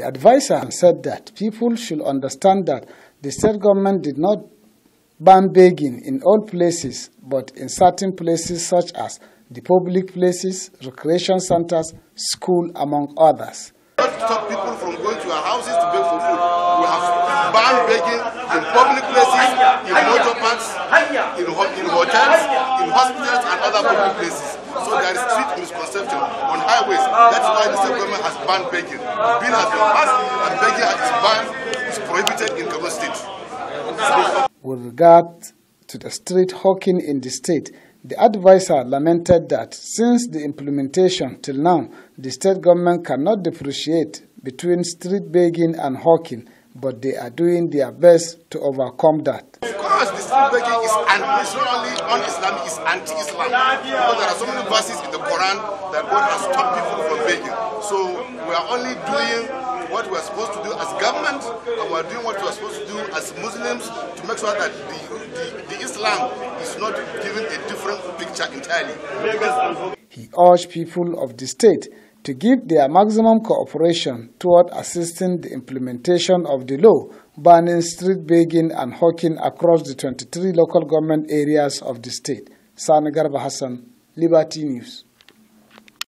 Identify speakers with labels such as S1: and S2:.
S1: The advisor said that people should understand that the state government did not ban begging in all places, but in certain places such as the public places, recreation centers, school, among others. Not
S2: stop people from going to our houses to beg for food. We have banned begging in public places, in motor parks, in, ho in hotels, in hospitals, and other public places. So there is misconception on highways. That's why the state government has banned begging. The bill has been passed and begging is banned, is prohibited in Kano State.
S1: With regard to the street hawking in the state, the advisor lamented that since the implementation till now, the state government cannot differentiate between street begging and hawking but they are doing their best to overcome that.
S2: Of course, this begging is and not only un-Islamic, it's anti-Islam. Because there are so many verses in the Quran that God has stopped people from begging. So we are only doing what we are supposed to do as government, and we are doing what we are supposed to do as Muslims to make sure that the, the, the Islam is not given a different picture entirely.
S1: He urged people of the state to give their maximum cooperation toward assisting the implementation of the law banning street begging and hawking across the 23 local government areas of the state. Sanagarba Hassan, Liberty News.